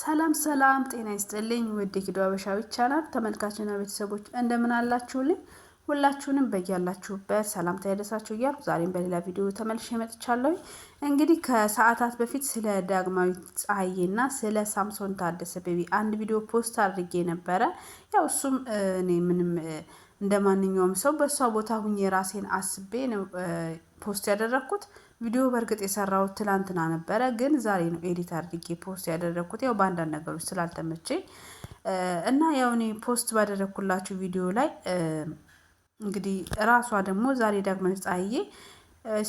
ሰላም ሰላም፣ ጤና ይስጥልኝ ውድ ጊዶ አበሻዊ ቻናል ተመልካችና ቤተሰቦች እንደምን አላችሁልኝ? ሁላችሁንም በያላችሁበት ሰላምታ ይድረሳችሁ እያልኩ ዛሬም በሌላ ቪዲዮ ተመልሼ መጥቻለሁ። እንግዲህ ከሰዓታት በፊት ስለ ዳግማዊት ፀሐዬና ስለ ሳምሶን ታደሰ ቤቢ አንድ ቪዲዮ ፖስት አድርጌ ነበረ። ያው እሱም እኔ ምንም እንደ ማንኛውም ሰው በእሷ ቦታ ሁኜ ራሴን አስቤ ነው ፖስት ያደረግኩት። ቪዲዮ በእርግጥ የሰራሁት ትላንትና ነበረ፣ ግን ዛሬ ነው ኤዲት አድርጌ ፖስት ያደረግኩት። ያው በአንዳንድ ነገሮች ስላልተመቼ እና ያው እኔ ፖስት ባደረግኩላችሁ ቪዲዮ ላይ እንግዲህ ራሷ ደግሞ ዛሬ ዳግመ ፀሐዬ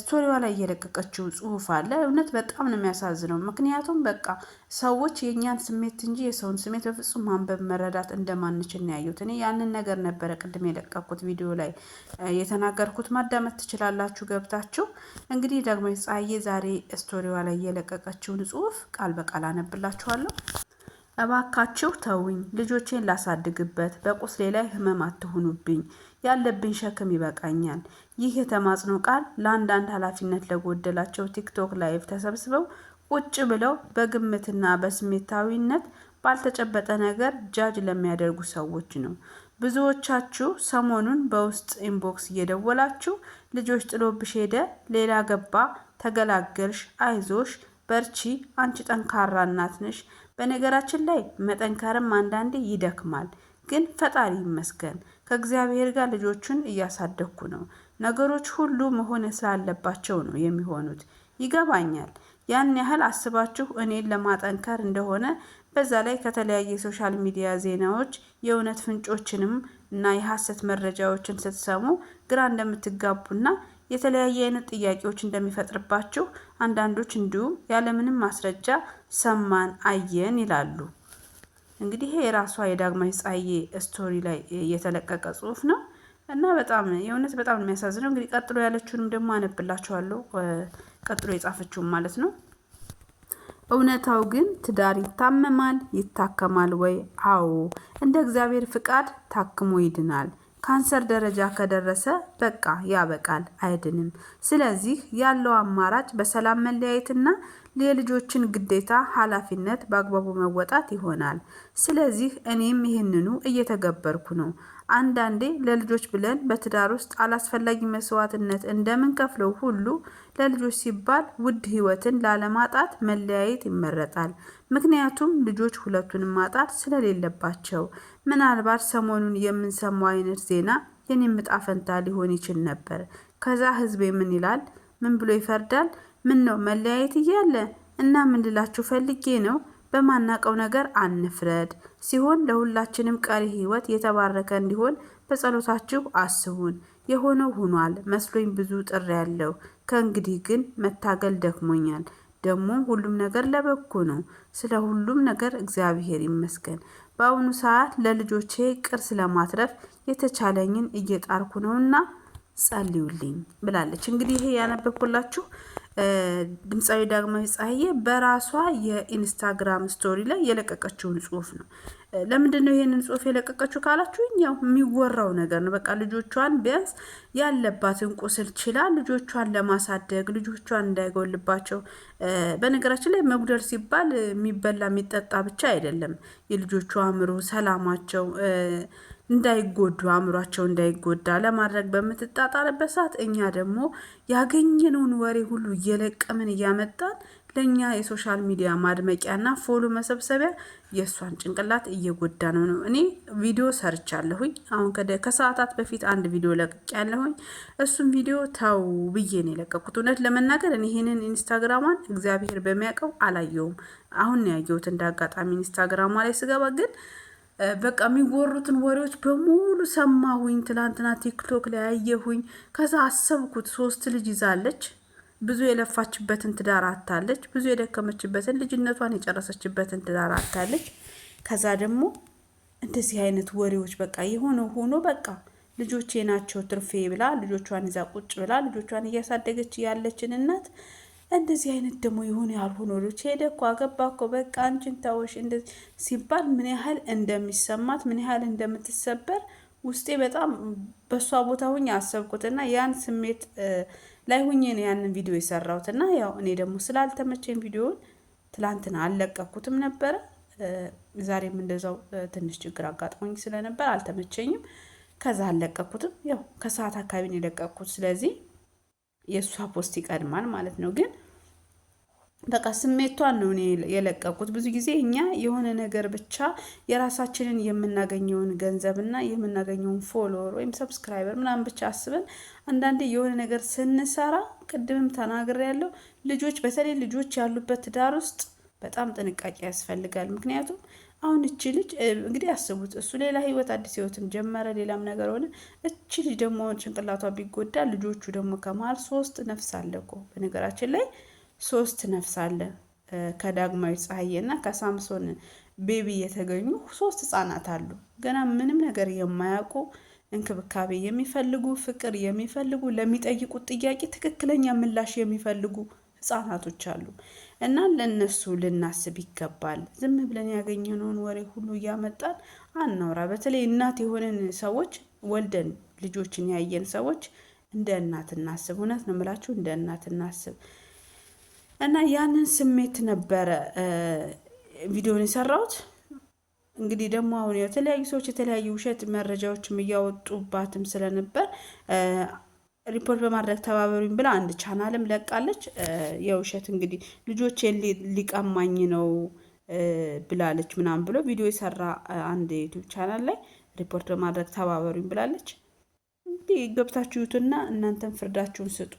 ስቶሪዋ ላይ እየለቀቀችው ጽሁፍ አለ። እውነት በጣም ነው የሚያሳዝነው። ምክንያቱም በቃ ሰዎች የእኛን ስሜት እንጂ የሰውን ስሜት በፍጹም ማንበብ መረዳት እንደማንችል ነው ያዩት። እኔ ያንን ነገር ነበረ ቅድም የለቀኩት ቪዲዮ ላይ የተናገርኩት። ማዳመጥ ትችላላችሁ ገብታችሁ። እንግዲህ ደግሞ ፀሐዬ ዛሬ ስቶሪዋ ላይ እየለቀቀችውን ጽሁፍ ቃል በቃል አነብላችኋለሁ። እባካችሁ ተውኝ፣ ልጆቼን ላሳድግበት፣ በቁስሌ ላይ ህመም አትሁኑብኝ፣ ያለብኝ ሸክም ይበቃኛል። ይህ የተማጽኖ ቃል ለአንዳንድ ኃላፊነት ለጎደላቸው ቲክቶክ ላይቭ ተሰብስበው ቁጭ ብለው በግምትና በስሜታዊነት ባልተጨበጠ ነገር ጃጅ ለሚያደርጉ ሰዎች ነው። ብዙዎቻችሁ ሰሞኑን በውስጥ ኢንቦክስ እየደወላችሁ ልጆች ጥሎብሽ ሄደ፣ ሌላ ገባ፣ ተገላገልሽ፣ አይዞሽ፣ በርቺ፣ አንቺ ጠንካራ እናት ነሽ በነገራችን ላይ መጠንከርም አንዳንዴ ይደክማል። ግን ፈጣሪ ይመስገን ከእግዚአብሔር ጋር ልጆቹን እያሳደግኩ ነው። ነገሮች ሁሉ መሆን ስላለባቸው ነው የሚሆኑት። ይገባኛል። ያን ያህል አስባችሁ እኔን ለማጠንከር እንደሆነ በዛ ላይ ከተለያየ የሶሻል ሚዲያ ዜናዎች የእውነት ፍንጮችንም እና የሐሰት መረጃዎችን ስትሰሙ ግራ እንደምትጋቡና የተለያየ አይነት ጥያቄዎች እንደሚፈጥርባችሁ አንዳንዶች እንዲሁም ያለምንም ማስረጃ ሰማን፣ አየን ይላሉ። እንግዲህ ይሄ የራሷ የዳግማዊ ፀሐዬ ስቶሪ ላይ የተለቀቀ ጽሁፍ ነው እና በጣም የእውነት በጣም ነው የሚያሳዝነው። እንግዲህ ቀጥሎ ያለችውንም ደግሞ አነብላችኋለሁ፣ ቀጥሎ የጻፈችውም ማለት ነው። እውነታው ግን ትዳር ይታመማል፣ ይታከማል ወይ? አዎ፣ እንደ እግዚአብሔር ፍቃድ ታክሞ ይድናል። ካንሰር ደረጃ ከደረሰ በቃ ያበቃል፣ አይድንም። ስለዚህ ያለው አማራጭ በሰላም መለያየትና የልጆችን ግዴታ ኃላፊነት በአግባቡ መወጣት ይሆናል። ስለዚህ እኔም ይህንኑ እየተገበርኩ ነው። አንዳንዴ ለልጆች ብለን በትዳር ውስጥ አላስፈላጊ መስዋዕትነት እንደምንከፍለው ሁሉ ለልጆች ሲባል ውድ ህይወትን ላለማጣት መለያየት ይመረጣል። ምክንያቱም ልጆች ሁለቱንም ማጣት ስለሌለባቸው። ምናልባት ሰሞኑን የምንሰማው አይነት ዜና የኔም ዕጣ ፈንታ ሊሆን ይችል ነበር። ከዛ ህዝቤ ምን ይላል? ምን ብሎ ይፈርዳል? ምን ነው መለያየት እያለ እና ምን ልላችሁ ፈልጌ ነው በማናቀው ነገር አንፍረድ ሲሆን ለሁላችንም ቀሪ ህይወት የተባረከ እንዲሆን በጸሎታችሁ አስቡን። የሆነው ሆኗል መስሎኝ ብዙ ጥሪ ያለው ከእንግዲህ ግን መታገል ደክሞኛል። ደግሞ ሁሉም ነገር ለበጎ ነው። ስለ ሁሉም ነገር እግዚአብሔር ይመስገን። በአሁኑ ሰዓት ለልጆቼ ቅርስ ለማትረፍ የተቻለኝን እየጣርኩ ነውና ጸልዩልኝ ብላለች። እንግዲህ ይሄ ያነበብኩላችሁ ድምፃዊ ዳግማዊ ጸሐዬ በራሷ የኢንስታግራም ስቶሪ ላይ የለቀቀችውን ጽሁፍ ነው። ለምንድን ነው ይሄንን ጽሁፍ የለቀቀችው ካላችሁ፣ ያው የሚወራው ነገር ነው። በቃ ልጆቿን ቢያንስ ያለባትን ቁስል ችላ ልጆቿን ለማሳደግ ልጆቿን እንዳይጎልባቸው። በነገራችን ላይ መጉደል ሲባል የሚበላ የሚጠጣ ብቻ አይደለም። የልጆቿ አእምሮ፣ ሰላማቸው እንዳይጎዱ አእምሯቸው እንዳይጎዳ ለማድረግ በምትጣጣርበት ሰዓት እኛ ደግሞ ያገኘነውን ወሬ ሁሉ እየለቀምን እያመጣን ለእኛ የሶሻል ሚዲያ ማድመቂያና ፎሎ መሰብሰቢያ የእሷን ጭንቅላት እየጎዳ ነው ነው። እኔ ቪዲዮ ሰርቻለሁኝ። አሁን ከሰዓታት በፊት አንድ ቪዲዮ ያለሁኝ እሱም ቪዲዮ ተው ብዬ ነው እውነት ለመናገር እኔ ይህንን ኢንስታግራሟን እግዚአብሔር በሚያውቀው አላየውም። አሁን ነው ያየሁት እንደ አጋጣሚ ኢንስታግራሟ ላይ ስገባ ግን በቃ የሚወሩትን ወሬዎች በሙሉ ሰማሁኝ። ትላንትና ቲክቶክ ላይ ያየሁኝ። ከዛ አሰብኩት ሶስት ልጅ ይዛለች፣ ብዙ የለፋችበትን ትዳር አታለች፣ ብዙ የደከመችበትን ልጅነቷን የጨረሰችበትን ትዳር አታለች። ከዛ ደግሞ እንደዚህ አይነት ወሬዎች በቃ የሆነ ሆኖ በቃ ልጆቼ ናቸው ትርፌ ብላ ልጆቿን ይዛ ቁጭ ብላ ልጆቿን እያሳደገች ያለችን እናት እንደዚህ አይነት ደግሞ የሆኑ ያልሆኑ ወዶች ሄደ እኮ አገባ እኮ በቃ አንቺን ታወሽ ሲባል ምን ያህል እንደሚሰማት ምን ያህል እንደምትሰበር ውስጤ በጣም በእሷ ቦታ ሁኝ አሰብኩት እና ያን ስሜት ላይ ነው ያንን ቪዲዮ የሰራሁት እና ያው እኔ ደግሞ ስላልተመቸኝ ቪዲዮውን ትላንትና አልለቀኩትም ነበረ። ዛሬም እንደዛው ትንሽ ችግር አጋጥሞኝ ስለነበር አልተመቸኝም። ከዛ አልለቀኩትም። ያው ከሰዓት አካባቢ ነው የለቀኩት። ስለዚህ የእሷ ፖስት ይቀድማል ማለት ነው ግን በቃ ስሜቷን ነው እኔ የለቀቁት። ብዙ ጊዜ እኛ የሆነ ነገር ብቻ የራሳችንን የምናገኘውን ገንዘብና የምናገኘውን ፎሎወር ወይም ሰብስክራይበር ምናምን ብቻ አስበን አንዳንዴ የሆነ ነገር ስንሰራ ቅድምም ተናግሬ ያለው ልጆች፣ በተለይ ልጆች ያሉበት ትዳር ውስጥ በጣም ጥንቃቄ ያስፈልጋል። ምክንያቱም አሁን እቺ ልጅ እንግዲህ አስቡት፣ እሱ ሌላ ህይወት አዲስ ህይወትም ጀመረ፣ ሌላም ነገር ሆነ። እቺ ልጅ ደግሞ ጭንቅላቷ ቢጎዳ ልጆቹ ደግሞ ከመሀል ሶስት ነፍስ አለ እኮ በነገራችን ላይ ሶስት ነፍስ አለ ከዳግማዊ ፀሐዬ እና ከሳምሶን ቤቢ የተገኙ ሶስት ህጻናት አሉ። ገና ምንም ነገር የማያውቁ እንክብካቤ የሚፈልጉ ፍቅር የሚፈልጉ ለሚጠይቁት ጥያቄ ትክክለኛ ምላሽ የሚፈልጉ ህጻናቶች አሉ እና ለእነሱ ልናስብ ይገባል። ዝም ብለን ያገኘነውን ወሬ ሁሉ እያመጣን አናውራ። በተለይ እናት የሆንን ሰዎች ወልደን ልጆችን ያየን ሰዎች እንደ እናት እናስብ። እውነት ነው የምላችሁ፣ እንደ እናት እናስብ። እና ያንን ስሜት ነበረ ቪዲዮን የሰራሁት። እንግዲህ ደግሞ አሁን የተለያዩ ሰዎች የተለያዩ ውሸት መረጃዎችም እያወጡባትም ስለነበር ሪፖርት በማድረግ ተባበሩኝ ብላ አንድ ቻናልም ለቃለች። የውሸት እንግዲህ ልጆቼን ሊቀማኝ ነው ብላለች ምናምን ብሎ ቪዲዮ የሰራ አንድ ዩቱብ ቻናል ላይ ሪፖርት በማድረግ ተባበሩኝ ብላለች። ገብታችሁ እዩትና እናንተም ፍርዳችሁን ስጡ።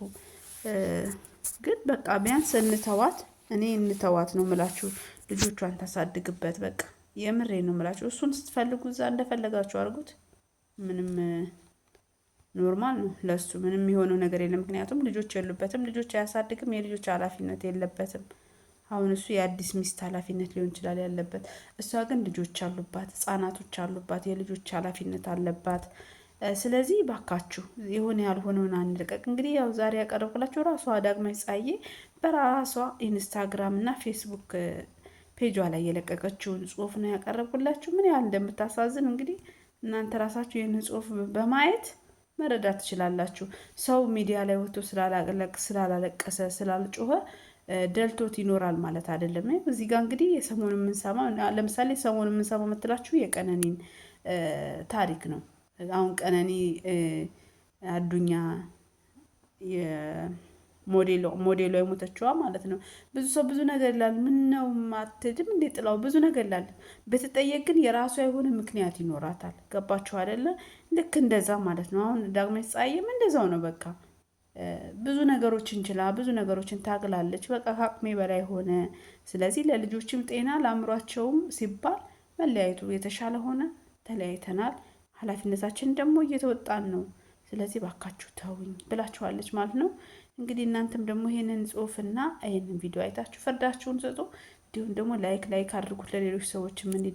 ግን በቃ ቢያንስ እንተዋት፣ እኔ እንተዋት ነው ምላችሁ። ልጆቿን ታሳድግበት። በቃ የምሬ ነው ምላችሁ። እሱን ስትፈልጉ እዛ እንደፈለጋችሁ አድርጉት። ምንም ኖርማል ነው ለሱ ምንም የሆነው ነገር የለም። ምክንያቱም ልጆች የሉበትም፣ ልጆች አያሳድግም፣ የልጆች ኃላፊነት የለበትም። አሁን እሱ የአዲስ ሚስት ኃላፊነት ሊሆን ይችላል ያለበት። እሷ ግን ልጆች አሉባት፣ ህጻናቶች አሉባት፣ የልጆች ኃላፊነት አለባት። ስለዚህ ባካችሁ የሆነ ያልሆነውን አንልቀቅ። እንግዲህ ያው ዛሬ ያቀረብኩላችሁ ራሷ ዳግማዊ ጻዬ በራሷ ኢንስታግራም እና ፌስቡክ ፔጇ ላይ የለቀቀችውን ጽሁፍ ነው ያቀረብኩላችሁ። ምን ያህል እንደምታሳዝን እንግዲህ እናንተ ራሳችሁ ይህን ጽሁፍ በማየት መረዳት ትችላላችሁ። ሰው ሚዲያ ላይ ወጥቶ ስላላለቀሰ ስላልጮኸ ደልቶት ይኖራል ማለት አይደለም። እዚህ ጋር እንግዲህ የሰሞኑን የምንሰማ ለምሳሌ ሰሞኑን የምንሰማ የምትላችሁ የቀነኒን ታሪክ ነው። አሁን ቀነኒ አዱኛ ሞዴሏ የሞተችዋ ማለት ነው። ብዙ ሰው ብዙ ነገር ይላል። ምን ነው ማትድም እንዴ ጥላው ብዙ ነገር ይላል። ብትጠየቅ ግን የራሷ የሆነ ምክንያት ይኖራታል። ገባችሁ አይደለ? ልክ እንደዛ ማለት ነው። አሁን ዳግመሽ ፀሐዬም እንደዛው ነው። በቃ ብዙ ነገሮችን ችላ ብዙ ነገሮችን ታግላለች። በቃ ከአቅሜ በላይ ሆነ። ስለዚህ ለልጆችም ጤና ለአእምሯቸውም ሲባል መለያየቱ የተሻለ ሆነ። ተለያይተናል ኃላፊነታችን ደግሞ እየተወጣን ነው። ስለዚህ ባካችሁ ተውኝ ብላችኋለች ማለት ነው። እንግዲህ እናንተም ደግሞ ይህንን ጽሁፍና ይህንን ቪዲዮ አይታችሁ ፈርዳችሁን ሰጡ። እንዲሁም ደግሞ ላይክ ላይክ አድርጉት ለሌሎች ሰዎች ምን